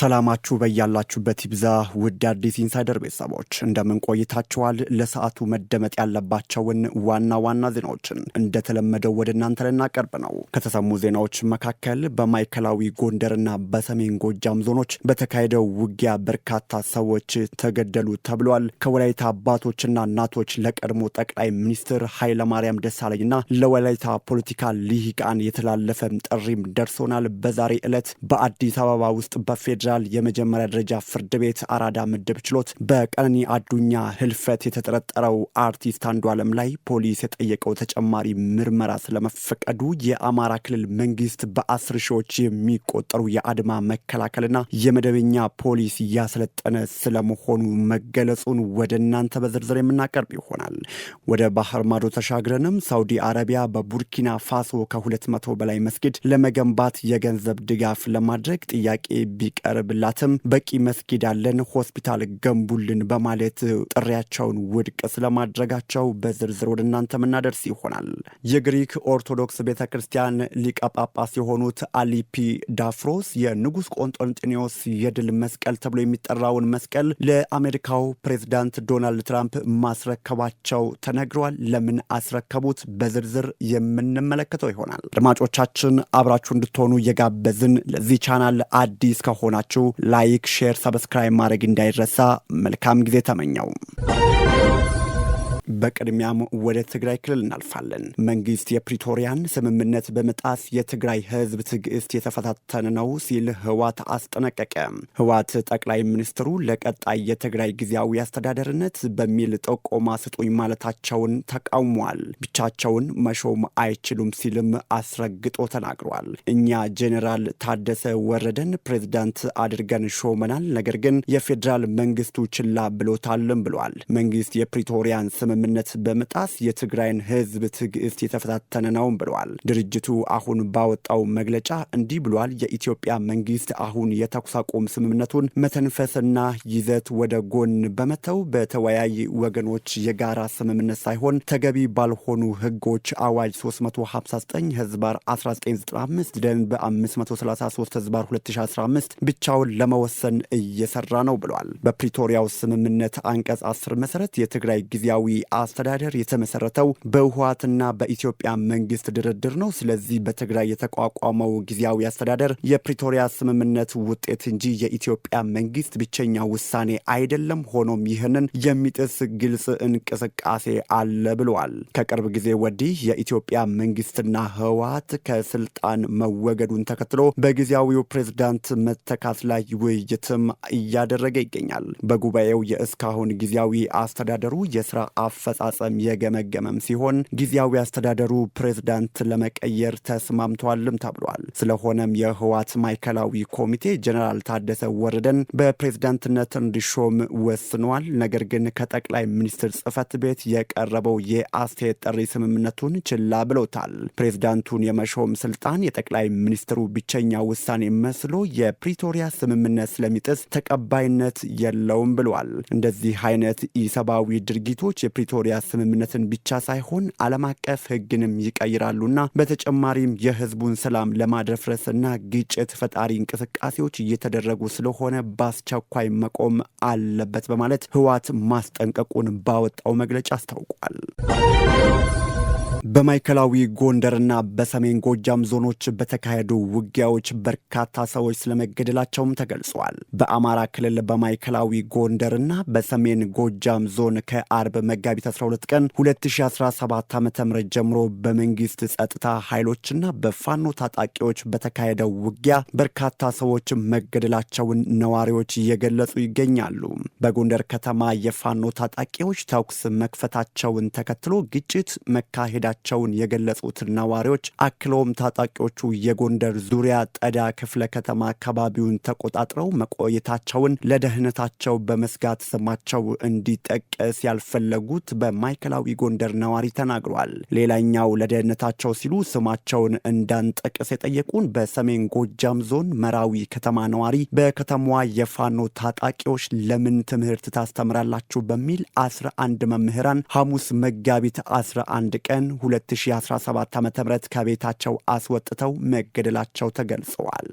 ሰላማችሁ በያላችሁበት ይብዛ። ውድ አዲስ ኢንሳይደር ቤተሰቦች እንደምን ቆይታችኋል? ለሰዓቱ መደመጥ ያለባቸውን ዋና ዋና ዜናዎችን እንደተለመደው ወደ እናንተ ልናቀርብ ነው። ከተሰሙ ዜናዎች መካከል በማዕከላዊ ጎንደርና በሰሜን ጎጃም ዞኖች በተካሄደው ውጊያ በርካታ ሰዎች ተገደሉ ተብሏል። ከወላይታ አባቶችና እናቶች ለቀድሞ ጠቅላይ ሚኒስትር ኃይለማርያም ደሳለኝና ለወላይታ ፖለቲካ ልሂቃን የተላለፈ ጥሪም ደርሶናል። በዛሬ ዕለት በአዲስ አበባ ውስጥ በፌዴራል ፌዴራል የመጀመሪያ ደረጃ ፍርድ ቤት አራዳ ምድብ ችሎት በቀነኒ አዱኛ ህልፈት የተጠረጠረው አርቲስት አንዱ አለም ላይ ፖሊስ የጠየቀው ተጨማሪ ምርመራ ስለመፈቀዱ የአማራ ክልል መንግስት በአስር ሺዎች የሚቆጠሩ የአድማ መከላከልና የመደበኛ ፖሊስ እያሰለጠነ ስለመሆኑ መገለጹን ወደ እናንተ በዝርዝር የምናቀርብ ይሆናል። ወደ ባህር ማዶ ተሻግረንም ሳውዲ አረቢያ በቡርኪና ፋሶ ከሁለት መቶ በላይ መስጊድ ለመገንባት የገንዘብ ድጋፍ ለማድረግ ጥያቄ ቢቀር ቢቀርብላትም በቂ መስጊድ አለን፣ ሆስፒታል ገንቡልን በማለት ጥሪያቸውን ውድቅ ስለማድረጋቸው በዝርዝር ወደ እናንተ ምናደርስ ይሆናል። የግሪክ ኦርቶዶክስ ቤተ ክርስቲያን ሊቀ ጳጳስ የሆኑት አሊፒ ዳፍሮስ የንጉሥ ቆንጦንጢኔዎስ የድል መስቀል ተብሎ የሚጠራውን መስቀል ለአሜሪካው ፕሬዚዳንት ዶናልድ ትራምፕ ማስረከባቸው ተነግሯል። ለምን አስረከቡት? በዝርዝር የምንመለከተው ይሆናል። አድማጮቻችን አብራችሁ እንድትሆኑ እየጋበዝን ለዚህ ቻናል አዲስ ከሆናችሁ ካላችሁ ላይክ፣ ሼር፣ ሰብስክራይብ ማድረግ እንዳይረሳ። መልካም ጊዜ ተመኘው። በቅድሚያም ወደ ትግራይ ክልል እናልፋለን። መንግስት የፕሪቶሪያን ስምምነት በመጣስ የትግራይ ህዝብ ትዕግስት የተፈታተነ ነው ሲል ህዋት አስጠነቀቀ። ህዋት ጠቅላይ ሚኒስትሩ ለቀጣይ የትግራይ ጊዜያዊ አስተዳደርነት በሚል ጥቆማ ስጡኝ ማለታቸውን ተቃውሟል። ብቻቸውን መሾም አይችሉም ሲልም አስረግጦ ተናግሯል። እኛ ጄኔራል ታደሰ ወረደን ፕሬዝዳንት አድርገን ሾመናል፣ ነገር ግን የፌዴራል መንግስቱ ችላ ብሎታልም ብሏል። መንግስት የፕሪቶሪያን ስምምነት ስምምነት በመጣስ የትግራይን ህዝብ ትዕግስት የተፈታተነ ነውም ብለዋል። ድርጅቱ አሁን ባወጣው መግለጫ እንዲህ ብሏል። የኢትዮጵያ መንግስት አሁን የተኩስ አቁም ስምምነቱን መተንፈስና ይዘት ወደ ጎን በመተው በተወያይ ወገኖች የጋራ ስምምነት ሳይሆን ተገቢ ባልሆኑ ህጎች አዋጅ 359 ህዝባር 1995 ደንብ 533 ህዝባር 2015 ብቻውን ለመወሰን እየሰራ ነው ብሏል። በፕሪቶሪያው ስምምነት አንቀጽ 10 መሰረት የትግራይ ጊዜያዊ አስተዳደር የተመሰረተው በህወሓትና በኢትዮጵያ መንግስት ድርድር ነው። ስለዚህ በትግራይ የተቋቋመው ጊዜያዊ አስተዳደር የፕሪቶሪያ ስምምነት ውጤት እንጂ የኢትዮጵያ መንግስት ብቸኛ ውሳኔ አይደለም። ሆኖም ይህንን የሚጥስ ግልጽ እንቅስቃሴ አለ ብለዋል። ከቅርብ ጊዜ ወዲህ የኢትዮጵያ መንግስትና ህወሓት ከስልጣን መወገዱን ተከትሎ በጊዜያዊው ፕሬዝዳንት መተካት ላይ ውይይትም እያደረገ ይገኛል። በጉባኤው የእስካሁን ጊዜያዊ አስተዳደሩ የስራ አፈ አፈጻጸም የገመገመም ሲሆን ጊዜያዊ አስተዳደሩ ፕሬዝዳንት ለመቀየር ተስማምቷልም ተብሏል። ስለሆነም የህወሓት ማዕከላዊ ኮሚቴ ጀነራል ታደሰ ወረደን በፕሬዝዳንትነት እንዲሾም ወስኗል። ነገር ግን ከጠቅላይ ሚኒስትር ጽህፈት ቤት የቀረበው የአስተያየት ጥሪ ስምምነቱን ችላ ብለውታል። ፕሬዝዳንቱን የመሾም ስልጣን የጠቅላይ ሚኒስትሩ ብቸኛ ውሳኔ መስሎ የፕሪቶሪያ ስምምነት ስለሚጥስ ተቀባይነት የለውም ብሏል። እንደዚህ አይነት ኢሰብአዊ ድርጊቶች የፕሪቶሪያ ስምምነትን ብቻ ሳይሆን ዓለም አቀፍ ሕግንም ይቀይራሉና በተጨማሪም የህዝቡን ሰላም ለማደፍረስና ግጭት ፈጣሪ እንቅስቃሴዎች እየተደረጉ ስለሆነ በአስቸኳይ መቆም አለበት በማለት ህወሓት ማስጠንቀቁን ባወጣው መግለጫ አስታውቋል። በማዕከላዊ ጎንደርና በሰሜን ጎጃም ዞኖች በተካሄዱ ውጊያዎች በርካታ ሰዎች ስለመገደላቸውም ተገልጿል። በአማራ ክልል በማዕከላዊ ጎንደርና በሰሜን ጎጃም ዞን ከአርብ መጋቢት 12 ቀን 2017 ዓ ም ጀምሮ በመንግስት ጸጥታ ኃይሎችና በፋኖ ታጣቂዎች በተካሄደው ውጊያ በርካታ ሰዎች መገደላቸውን ነዋሪዎች እየገለጹ ይገኛሉ። በጎንደር ከተማ የፋኖ ታጣቂዎች ተኩስ መክፈታቸውን ተከትሎ ግጭት መካሄድ መሄዳቸውን የገለጹት ነዋሪዎች አክለውም ታጣቂዎቹ የጎንደር ዙሪያ ጠዳ ክፍለ ከተማ አካባቢውን ተቆጣጥረው መቆየታቸውን ለደህንነታቸው በመስጋት ስማቸው እንዲጠቀስ ያልፈለጉት በማዕከላዊ ጎንደር ነዋሪ ተናግሯል። ሌላኛው ለደህንነታቸው ሲሉ ስማቸውን እንዳንጠቅስ የጠየቁን በሰሜን ጎጃም ዞን መራዊ ከተማ ነዋሪ በከተማዋ የፋኖ ታጣቂዎች ለምን ትምህርት ታስተምራላችሁ በሚል 11 መምህራን ሐሙስ መጋቢት 11 ቀን 2017 ዓ ም ከቤታቸው አስወጥተው መገደላቸው ተገልጸዋል።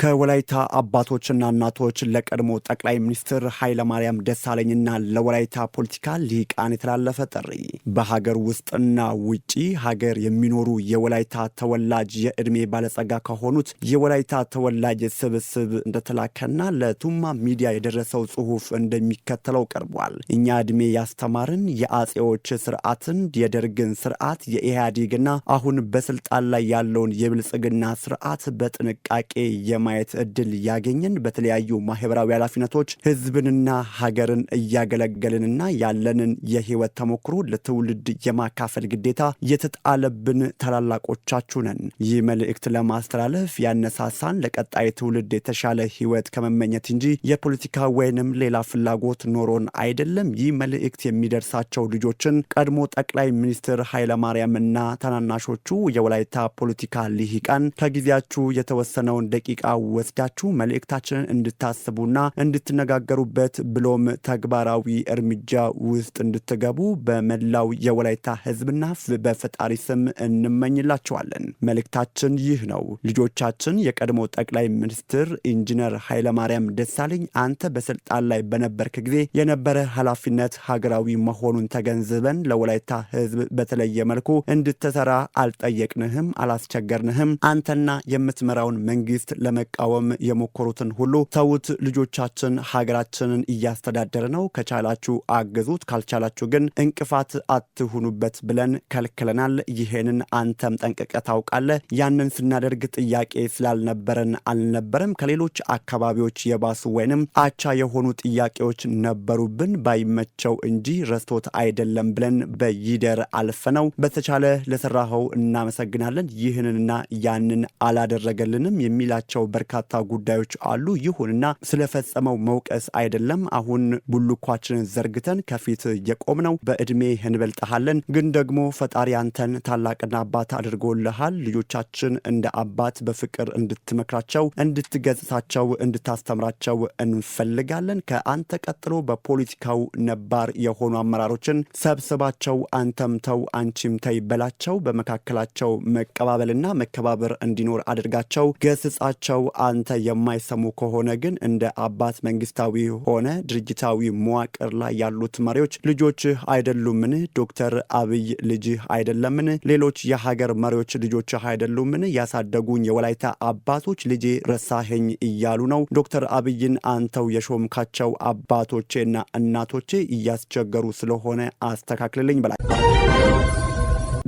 ከወላይታ አባቶችና እናቶች ለቀድሞ ጠቅላይ ሚኒስትር ኃይለማርያም ደሳለኝና ለወላይታ ፖለቲካ ሊቃን የተላለፈ ጥሪ። በሀገር ውስጥና ውጪ ሀገር የሚኖሩ የወላይታ ተወላጅ የዕድሜ ባለጸጋ ከሆኑት የወላይታ ተወላጅ ስብስብ እንደተላከና ለቱማ ሚዲያ የደረሰው ጽሑፍ እንደሚከተለው ቀርቧል። እኛ ዕድሜ ያስተማርን የአጼዎች ስርዓትን፣ የደርግን ስርዓት፣ የኢህአዴግና አሁን በስልጣን ላይ ያለውን የብልጽግና ስርዓት በጥንቃቄ የማ የማየት እድል ያገኘን በተለያዩ ማህበራዊ ኃላፊነቶች ህዝብንና ሀገርን እያገለገልንና ያለንን የህይወት ተሞክሮ ለትውልድ የማካፈል ግዴታ የተጣለብን ታላላቆቻችሁ ነን። ይህ መልእክት ለማስተላለፍ ያነሳሳን ለቀጣይ ትውልድ የተሻለ ህይወት ከመመኘት እንጂ የፖለቲካ ወይንም ሌላ ፍላጎት ኖሮን አይደለም። ይህ መልእክት የሚደርሳቸው ልጆችን ቀድሞ ጠቅላይ ሚኒስትር ኃይለማርያምና ታናናሾቹ የወላይታ ፖለቲካ ልሂቃን ከጊዜያችሁ የተወሰነውን ደቂቃ ወስዳችሁ መልእክታችንን እንድታስቡና እንድትነጋገሩበት ብሎም ተግባራዊ እርምጃ ውስጥ እንድትገቡ በመላው የወላይታ ሕዝብና በፈጣሪ ስም እንመኝላችኋለን። መልእክታችን ይህ ነው። ልጆቻችን የቀድሞ ጠቅላይ ሚኒስትር ኢንጂነር ኃይለማርያም ደሳለኝ አንተ በስልጣን ላይ በነበርክ ጊዜ የነበረ ኃላፊነት ሀገራዊ መሆኑን ተገንዝበን ለወላይታ ህዝብ በተለየ መልኩ እንድትሰራ አልጠየቅንህም፣ አላስቸገርንህም። አንተና የምትመራውን መንግስት ለመ ለመቃወም የሞከሩትን ሁሉ ተዉት፣ ልጆቻችን ሀገራችንን እያስተዳደረ ነው፣ ከቻላችሁ አግዙት፣ ካልቻላችሁ ግን እንቅፋት አትሁኑበት ብለን ከልክለናል። ይሄንን አንተም ጠንቅቀ ታውቃለህ። ያንን ስናደርግ ጥያቄ ስላልነበረን አልነበረም። ከሌሎች አካባቢዎች የባሱ ወይንም አቻ የሆኑ ጥያቄዎች ነበሩብን፣ ባይመቸው እንጂ ረስቶት አይደለም ብለን በይደር አልፈነው። በተቻለ ለሰራኸው እናመሰግናለን። ይህንንና ያንን አላደረገልንም የሚላቸው በርካታ ጉዳዮች አሉ። ይሁንና ስለፈጸመው መውቀስ አይደለም። አሁን ቡልኳችንን ዘርግተን ከፊት የቆም ነው። በእድሜ እንበልጠሃለን፣ ግን ደግሞ ፈጣሪ አንተን ታላቅና አባት አድርጎልሃል። ልጆቻችን እንደ አባት በፍቅር እንድትመክራቸው፣ እንድትገጽታቸው፣ እንድታስተምራቸው እንፈልጋለን። ከአንተ ቀጥሎ በፖለቲካው ነባር የሆኑ አመራሮችን ሰብስባቸው፣ አንተም ተው አንቺም ተይ በላቸው። በመካከላቸው መቀባበልና መከባበር እንዲኖር አድርጋቸው፣ ገስጻቸው፣ አንተ የማይሰሙ ከሆነ ግን እንደ አባት መንግስታዊ ሆነ ድርጅታዊ መዋቅር ላይ ያሉት መሪዎች ልጆችህ አይደሉምን? ዶክተር አብይ ልጅህ አይደለምን? ሌሎች የሀገር መሪዎች ልጆችህ አይደሉምን? ያሳደጉኝ የወላይታ አባቶች ልጄ ረሳሄኝ እያሉ ነው። ዶክተር አብይን አንተው የሾምካቸው አባቶቼና እናቶቼ እያስቸገሩ ስለሆነ አስተካክልልኝ ብላል።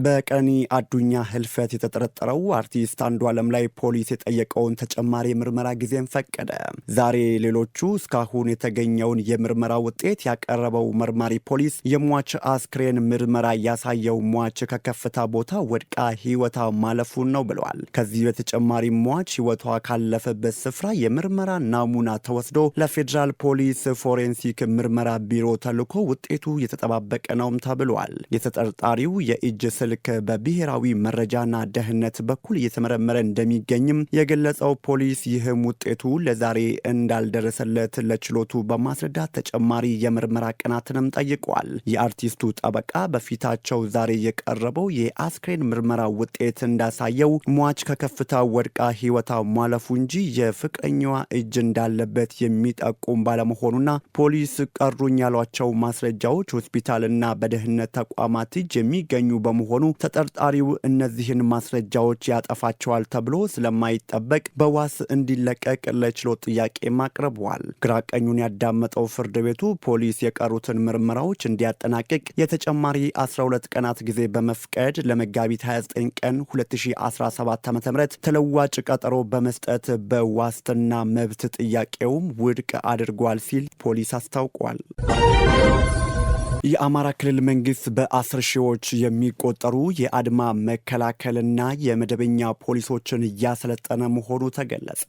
በቀኒ አዱኛ ህልፈት የተጠረጠረው አርቲስት አንዱ ዓለም ላይ ፖሊስ የጠየቀውን ተጨማሪ የምርመራ ጊዜን ፈቀደ። ዛሬ ሌሎቹ እስካሁን የተገኘውን የምርመራ ውጤት ያቀረበው መርማሪ ፖሊስ የሟች አስክሬን ምርመራ ያሳየው ሟች ከከፍታ ቦታ ወድቃ ህይወታ ማለፉን ነው ብለዋል። ከዚህ በተጨማሪ ሟች ህይወቷ ካለፈበት ስፍራ የምርመራ ናሙና ተወስዶ ለፌዴራል ፖሊስ ፎሬንሲክ ምርመራ ቢሮ ተልኮ ውጤቱ የተጠባበቀ ነውም ተብሏል። የተጠርጣሪው የእጅ ስልክ በብሔራዊ መረጃና ደህንነት በኩል እየተመረመረ እንደሚገኝም የገለጸው ፖሊስ ይህም ውጤቱ ለዛሬ እንዳልደረሰለት ለችሎቱ በማስረዳት ተጨማሪ የምርመራ ቀናትንም ጠይቋል። የአርቲስቱ ጠበቃ በፊታቸው ዛሬ የቀረበው የአስክሬን ምርመራ ውጤት እንዳሳየው ሟች ከከፍታ ወድቃ ሕይወቷ ማለፉ እንጂ የፍቅረኛዋ እጅ እንዳለበት የሚጠቁም ባለመሆኑና ፖሊስ ቀሩኝ ያሏቸው ማስረጃዎች ሆስፒታልና በደህንነት ተቋማት እጅ የሚገኙ በመሆኑ በመሆኑ ተጠርጣሪው እነዚህን ማስረጃዎች ያጠፋቸዋል ተብሎ ስለማይጠበቅ በዋስ እንዲለቀቅ ለችሎት ጥያቄ አቅርበዋል። ግራቀኙን ያዳመጠው ፍርድ ቤቱ ፖሊስ የቀሩትን ምርመራዎች እንዲያጠናቅቅ የተጨማሪ 12 ቀናት ጊዜ በመፍቀድ ለመጋቢት 29 ቀን 2017 ዓ.ም ተለዋጭ ቀጠሮ በመስጠት በዋስትና መብት ጥያቄውም ውድቅ አድርጓል ሲል ፖሊስ አስታውቋል። የአማራ ክልል መንግስት በአስር ሺዎች የሚቆጠሩ የአድማ መከላከልና የመደበኛ ፖሊሶችን እያሰለጠነ መሆኑ ተገለጸ።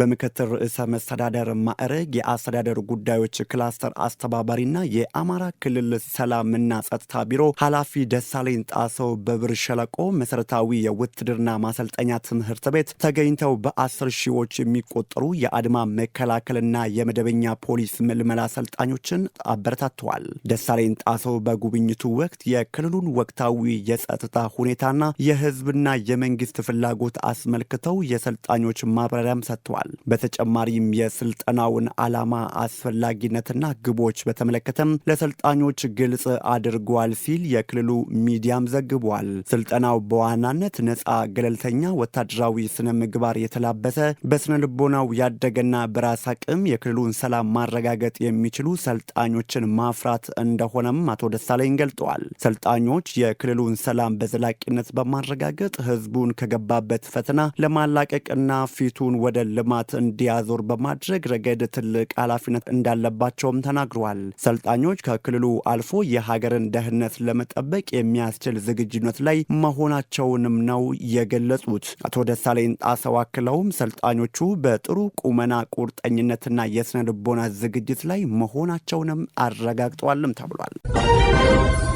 በምክትል ርዕሰ መስተዳደር ማዕረግ የአስተዳደር ጉዳዮች ክላስተር አስተባባሪና የአማራ ክልል ሰላምና ጸጥታ ቢሮ ኃላፊ ደሳለኝ ጣሰው በብር ሸለቆ መሰረታዊ የውትድርና ማሰልጠኛ ትምህርት ቤት ተገኝተው በአስር ሺዎች የሚቆጠሩ የአድማ መከላከልና የመደበኛ ፖሊስ ምልመላ ሰልጣኞችን አበረታተዋል። ደሳለኝ አርሚን ጣሰው በጉብኝቱ ወቅት የክልሉን ወቅታዊ የጸጥታ ሁኔታና የህዝብና የመንግስት ፍላጎት አስመልክተው የሰልጣኞች ማብራሪያም ሰጥተዋል። በተጨማሪም የስልጠናውን ዓላማ አስፈላጊነትና ግቦች በተመለከተም ለሰልጣኞች ግልጽ አድርጓል ሲል የክልሉ ሚዲያም ዘግቧል። ስልጠናው በዋናነት ነጻ፣ ገለልተኛ ወታደራዊ ስነ ምግባር የተላበሰ በስነ ልቦናው ያደገና በራስ አቅም የክልሉን ሰላም ማረጋገጥ የሚችሉ ሰልጣኞችን ማፍራት እንደሆነ እንደሆነም አቶ ደሳለኝ ገልጠዋል። ሰልጣኞች የክልሉን ሰላም በዘላቂነት በማረጋገጥ ህዝቡን ከገባበት ፈተና ለማላቀቅና ፊቱን ወደ ልማት እንዲያዞር በማድረግ ረገድ ትልቅ ኃላፊነት እንዳለባቸውም ተናግረዋል። ሰልጣኞች ከክልሉ አልፎ የሀገርን ደህንነት ለመጠበቅ የሚያስችል ዝግጅነት ላይ መሆናቸውንም ነው የገለጹት። አቶ ደሳለኝ ጣሰው አክለውም ሰልጣኞቹ በጥሩ ቁመና ቁርጠኝነትና የስነ ልቦና ዝግጅት ላይ መሆናቸውንም አረጋግጠዋልም ተብሏል። Obrigado.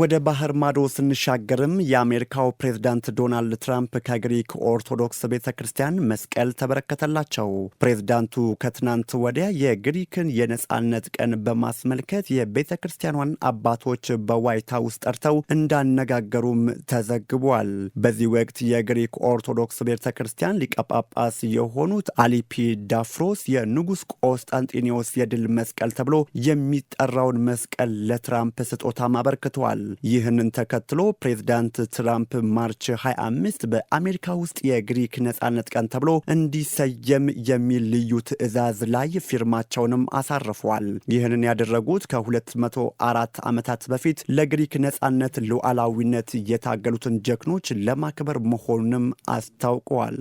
ወደ ባህር ማዶ ስንሻገርም የአሜሪካው ፕሬዝዳንት ዶናልድ ትራምፕ ከግሪክ ኦርቶዶክስ ቤተ ክርስቲያን መስቀል ተበረከተላቸው። ፕሬዝዳንቱ ከትናንት ወዲያ የግሪክን የነፃነት ቀን በማስመልከት የቤተ ክርስቲያኗን አባቶች በዋይት ሀውስ ጠርተው እንዳነጋገሩም ተዘግቧል። በዚህ ወቅት የግሪክ ኦርቶዶክስ ቤተ ክርስቲያን ሊቀጳጳስ ጳጳስ የሆኑት አሊፒ ዳፍሮስ የንጉሥ ቆስጣንጢኒዎስ የድል መስቀል ተብሎ የሚጠራውን መስቀል ለትራምፕ ስጦታም አበርክተዋል። ተናግረዋል። ይህንን ተከትሎ ፕሬዚዳንት ትራምፕ ማርች 25 በአሜሪካ ውስጥ የግሪክ ነጻነት ቀን ተብሎ እንዲሰየም የሚል ልዩ ትዕዛዝ ላይ ፊርማቸውንም አሳርፈዋል። ይህንን ያደረጉት ከ204 ዓመታት በፊት ለግሪክ ነጻነት ሉዓላዊነት የታገሉትን ጀግኖች ለማክበር መሆኑንም አስታውቀዋል።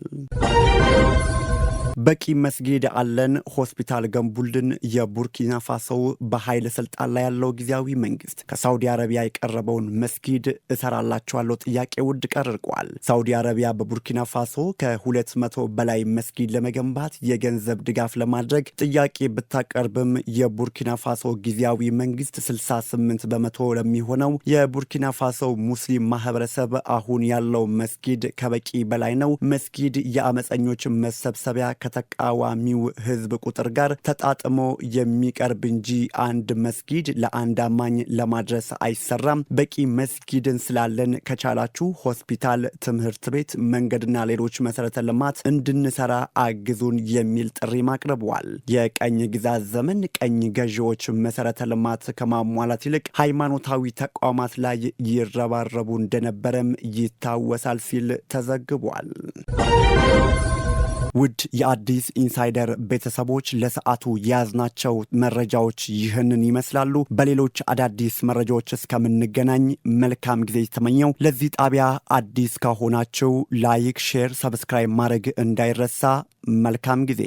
በቂ መስጊድ አለን፣ ሆስፒታል ገንቡልን። የቡርኪና ፋሶው በኃይል ስልጣን ላይ ያለው ጊዜያዊ መንግስት ከሳውዲ አረቢያ የቀረበውን መስጊድ እሰራላቸዋለሁ ጥያቄ ውድ ቀርቋል። ሳውዲ አረቢያ በቡርኪና ፋሶ ከ መቶ በላይ መስጊድ ለመገንባት የገንዘብ ድጋፍ ለማድረግ ጥያቄ ብታቀርብም የቡርኪና ፋሶ ጊዜያዊ መንግስት 68 በመቶ ለሚሆነው የቡርኪና ፋሶ ሙስሊም ማህበረሰብ አሁን ያለው መስጊድ ከበቂ በላይ ነው፣ መስጊድ የአመፀኞች መሰብሰቢያ ከተቃዋሚው ህዝብ ቁጥር ጋር ተጣጥሞ የሚቀርብ እንጂ አንድ መስጊድ ለአንድ አማኝ ለማድረስ አይሰራም። በቂ መስጊድን ስላለን ከቻላችሁ ሆስፒታል፣ ትምህርት ቤት፣ መንገድና ሌሎች መሰረተ ልማት እንድንሰራ አግዙን የሚል ጥሪም አቅርበዋል። የቀኝ ግዛት ዘመን ቀኝ ገዢዎች መሰረተ ልማት ከማሟላት ይልቅ ሃይማኖታዊ ተቋማት ላይ ይረባረቡ እንደነበረም ይታወሳል ሲል ተዘግቧል። ውድ የአዲስ ኢንሳይደር ቤተሰቦች ለሰዓቱ የያዝናቸው መረጃዎች ይህንን ይመስላሉ። በሌሎች አዳዲስ መረጃዎች እስከምንገናኝ መልካም ጊዜ የተመኘው። ለዚህ ጣቢያ አዲስ ከሆናችሁ ላይክ፣ ሼር፣ ሰብስክራይብ ማድረግ እንዳይረሳ። መልካም ጊዜ